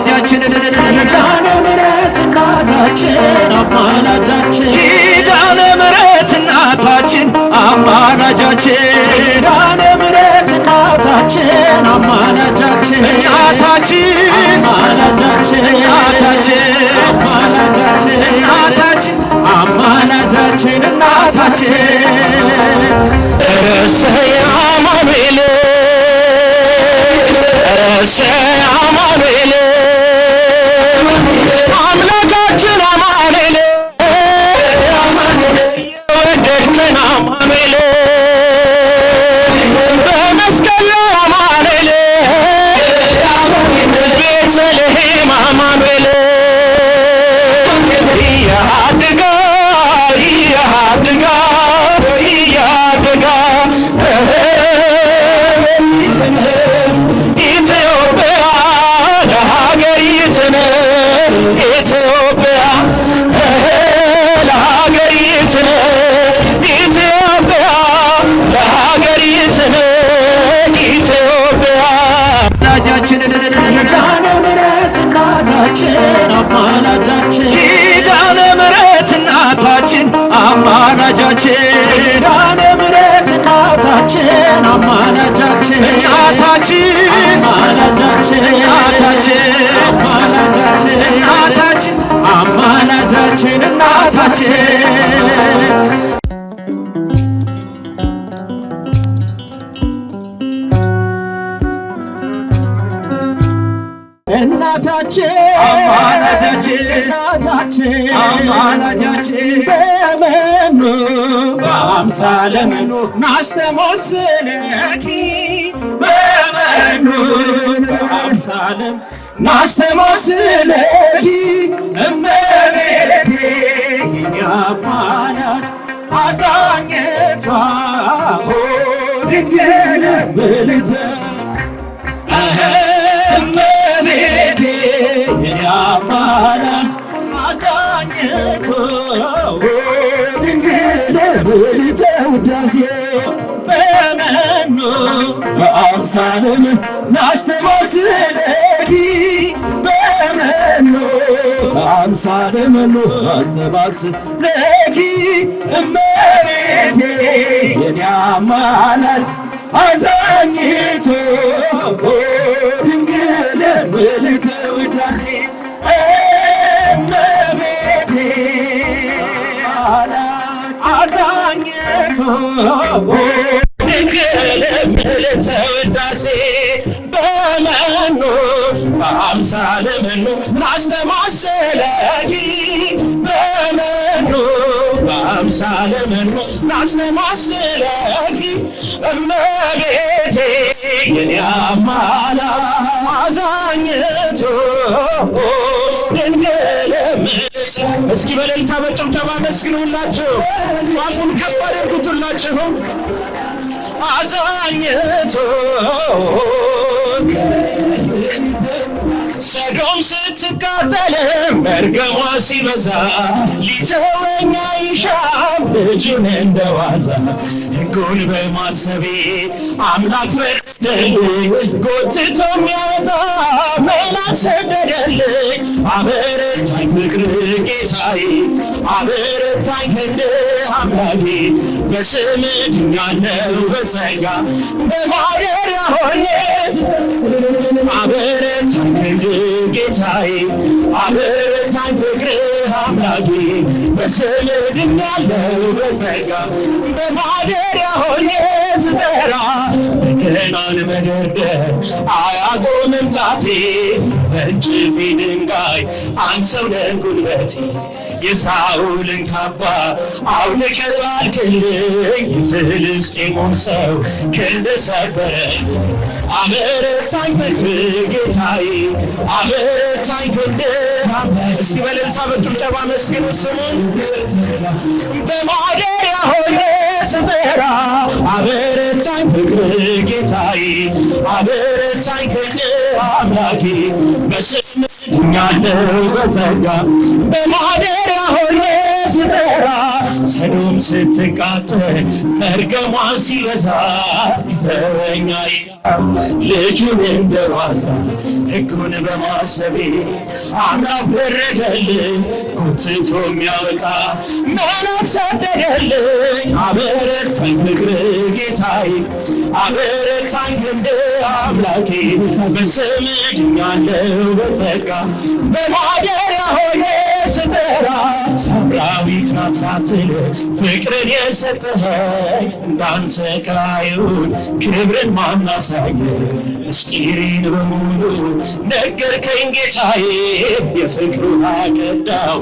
ወዳጃችን ኪዳነ ምሕረት እናታችን አማላጃችን ኪዳነ ምሕረት እናታችን አማላጃችን ኪዳነ ምሕረት እናታችን አማላጃችን እናታችን አማላጃችን እናታችን አማላጃችን እናታችን አማላጃችን እናታችን ረሰ የአማኑኤል ረሰ I'm not እናታችን ዳነ ምረት እናታችን አማላጃችን እናታችን አማላጃችን እናታችን አማላጃችን እናታችን ናስተመስለኪ በመኑን አምሳለም ናስተመስለኪ እመቤቴ ያባናት አዛኘቷ ድንግል ምልዕተ እመቤቴ ያባናት አዛኘቷ ድንግል ምልዕተ ውዳሴ በመኖ በአምሳልን ናስተማስለኪ በመኖ በአምሳለ መኖ ናስተማስለኪ እመቤቴ የኔ አማላጅ አዛኝቶ ድንግል ምልዕተ ውዳሴ አዛኝቱ ንገለምልተ ውዳሴ በመኑ በአምሳለ መኑ ናስተማሰለኪ በመ አምሳለ መኖ እመቤቴ የኔ ድንግል እስኪ በሌልታ በጭብጨባ መስግኑላችሁ። ጧፉን ከፍ አድርጉላችሁ አዛኝቱ ሰዶም ስትቃጠልም መርገሟ ሲበዛ ሊተወኛ ይሻም ልጁን እንደዋዛ ሕጉን በማሰቤ አምላክ ፈረደልኝ ጎትቶ የሚያወጣ መልአክ ሰደደልኝ። አበረታኝ ፍቅር ጌታዬ አበረታኝ ክንድህ አምላኬ በስምህ ድኛለሁ በጸጋ በማደሪያ ሆኜ አበረታኝ ጌታዬ አበረታኝ ፍቅር አምላኬ በስም ድኛለው በጸጋ በማደሪያ ሆኜ ስጠራ በገናን መደርደር አያቆምም ጣቴ በእጅፌ ድንጋይ አንተው ነህ ጉልበቴ የሳውልን ካባ አውልቀህ ጣልክልኝ። የፍልስጤሙን ሰው ክንድ ሰበረ። አበረታኝ ፍቅርህ ጌታዬ፣ አበረታኝ ክንድህ። እስቲ በልልታ በጭብጨባ መስግን ስሙን። በማደሪያ ሆነ ስጠራ አበረታኝ ፍቅር ጌታዬ፣ አበረታኝ ክንድ አምላኬ በስም ድኛለሁ በጸጋ በማደሪያ ሆኜ ስጠራ ሰዶም ስትቃጠል መርገሟ ሲበዛ ይተወኛ ልጁን እንደ ዋዛ ሕጉን በማሰቤ አምላክ ወረደልኝ አውጥቶ የሚያወጣ መላክ አበረታኝ ፍቅር ጌታዬ፣ አበረታኝ ክንድ አምላኬ። በስም ድኛለሁ በጸጋ በማደሪያ ሆኜ ስጠራ ሰራዊት ናት ሳትል ፍቅርን የሰጠኸኝ እንዳንተ ከአይሁድ ክብርን ማናሳየ ምስጢሬን በሙሉ ነገርከኝ ጌታዬ የፍቅሩ አቀዳው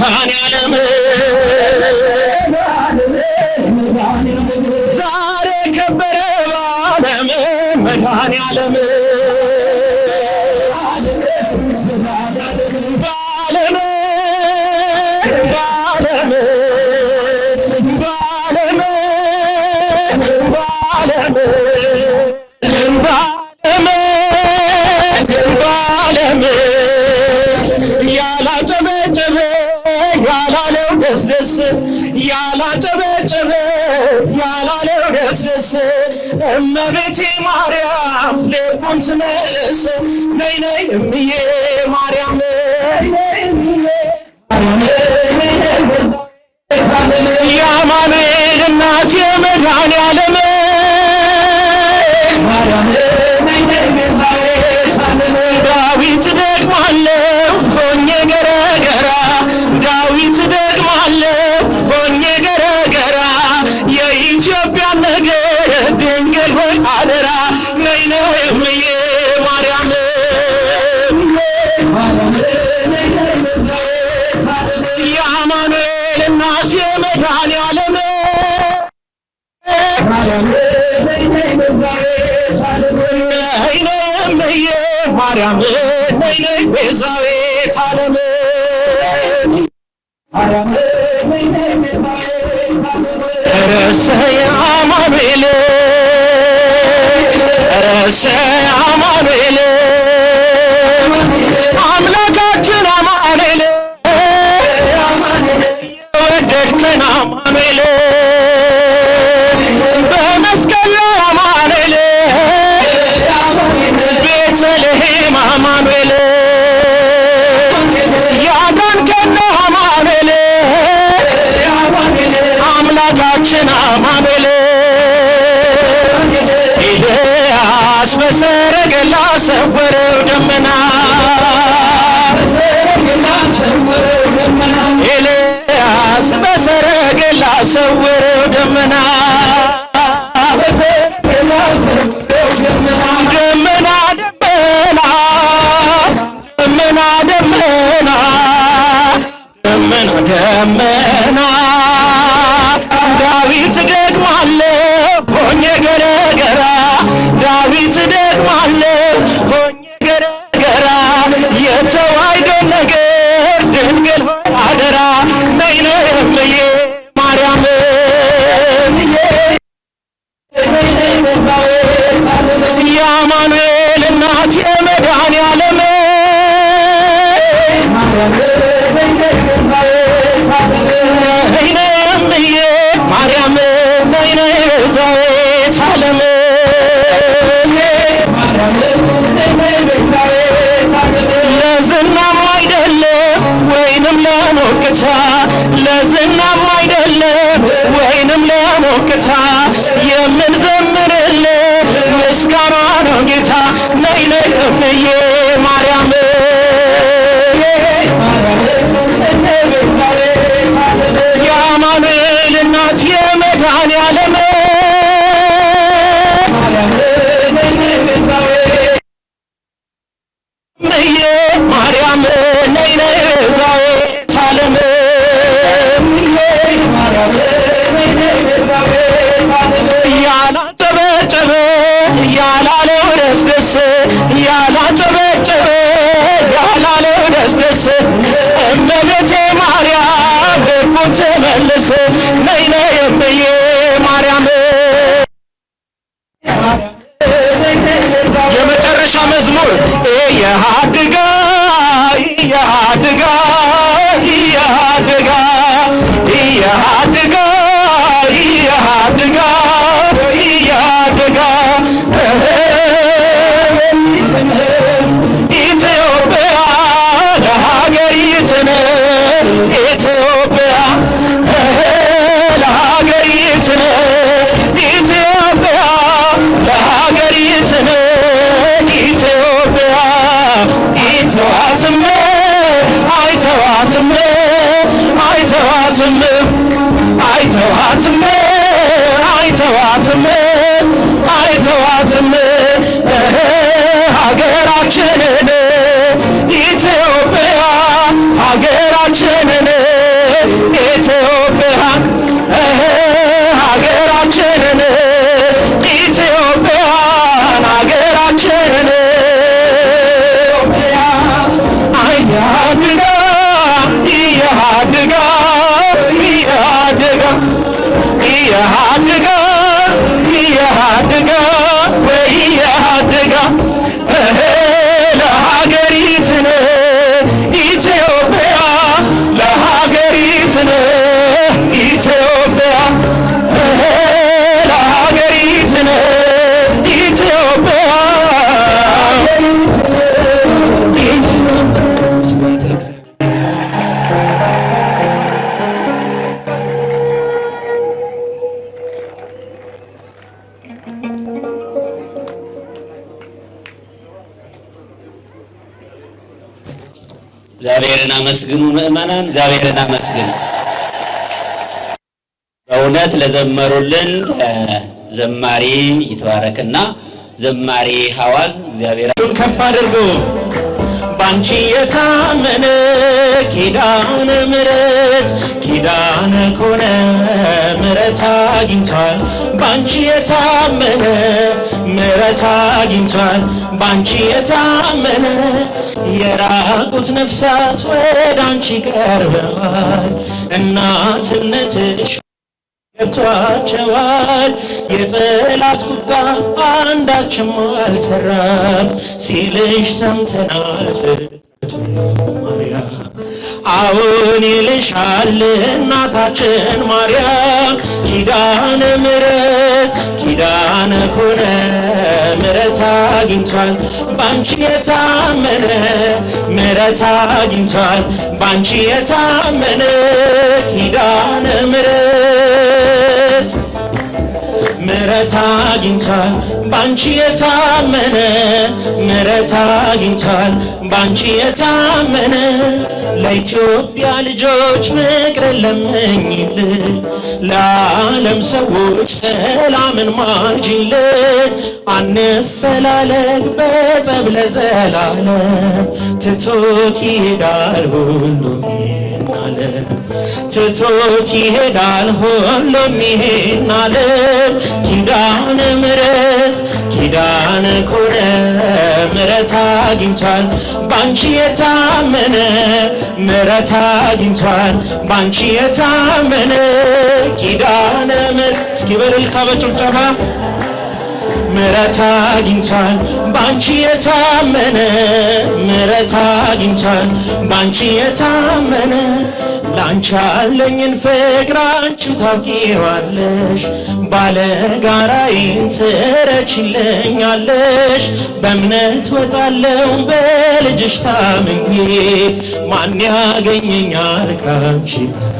መድኃኔ ዓለም ዛሬ ከበረ በዓለም መድኃኔ ዓለም ተመለስ እመቤቴ ማርያም ልቡን ትመልስ። ነይ ነይ እምዬ ማርያም Haramın neyle mezavet haramın Haramın neyle mezavet haramın Erese aman ile Erese aman ile አምላካችን አማኑኤል ኢልያስ በሰረገላ ሰወረው ደመና ኢልያስ በሰረገላ ሰወረው ደመና ደመና ደመና ደመና ደመና ደመና ለዝናም አይደለም ወይንም ለሞቅታ የምንዘምርልህ ምስጋና ነው ጌታ ነይ ነይ እምዬ ማርያም ልመልስ ነይነ የምዬ ማርያም የመጨረሻ መዝሙር እያድጋ እያድጋ እያድጋ እያድጋ እያድጋ ስም ሀገራችን እግዚአብሔርን አመስግኑ ምእመናን፣ እግዚአብሔርን አመስግኑ። በእውነት ለዘመሩልን ዘማሪ ይትባረክና ዘማሪ ሐዋዝ እግዚአብሔር ከፍ አድርጎ ባንቺ የታመነ ኪዳነ ምሕረት ኪዳነ ኮነ ምሕረት አግኝቷል ባንቺ የታመነ ምሕረት አግኝቷል ባንቺ የታመነ የራቁት ነፍሳት ወደ አንቺ ቀርበዋል እናትነትሽ ገብቷቸዋል የጠላት ቁጣ አንዳችም አልሰራም ሲልሽ ሰምተናል አሁን ይልሻል እናታችን ማርያም ኪዳነ ምሕረት ኪዳነ ኮነ ምሕረት አግኝቷል ባንቺ የታመነ ምሕረት አግኝቷል ባንቺ የታመነ ኪዳነ ምሕረት ምሕረት አግኝቷል ባንቺ የታመነ ምሕረት አግኝቷል ባንቺ የታመነ ለኢትዮጵያ ልጆች ፍቅርን ለምኝልን ለዓለም ሰዎች ሰላምን ማርጅልን አንፈላለግ በጠብ ለዘላለም ትቶት ይሄዳል ሁሉም ይሄን አለ ትቶት ይሄዳል ሁሉም ይሄን አለ ኪዳነ ምሕረት ኪዳነ ኮረም ምሕረት አግኝቷል ባንቺ የታመነ ምሕረት አግኝቷል ባንቺ የታመነ ኪዳነ ምሕረት እስኪ በልልታ በጭብጨባ ምረት አግኝቷል ባንቺ የታመነ ምረት አግኝቷል ባንቺ የታመነ ላንቺ አለኝን ፍቅር አንቺ ታውቂዋለሽ ባለ ጋራዬን ትረችልኛለሽ በእምነት ወጣለው በልጅሽ ታምኜ ማን ያገኘኛል ካንቺ ጋራ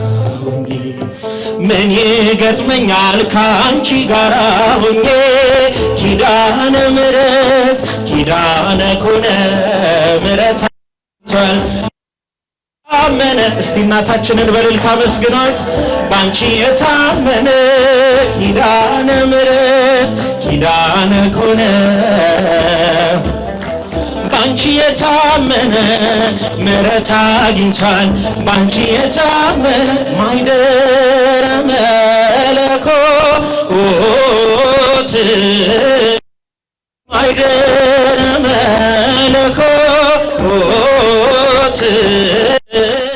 ምን ይገጥመኛል ከአንቺ ጋር ሁኜ ኪዳነ ምሕረት ኪዳነ ኮነ ምሕረት ታመነ እስቲ እናታችንን በልልታ መስግኗት በአንቺ የታመነ ኪዳነ ምሕረት ኪዳነ ኮነ ባንቺ የታመነ ምሕረት አግኝቷል። ባንቺ የታመነ ማይደረ መለኮት ማይደረ መለኮት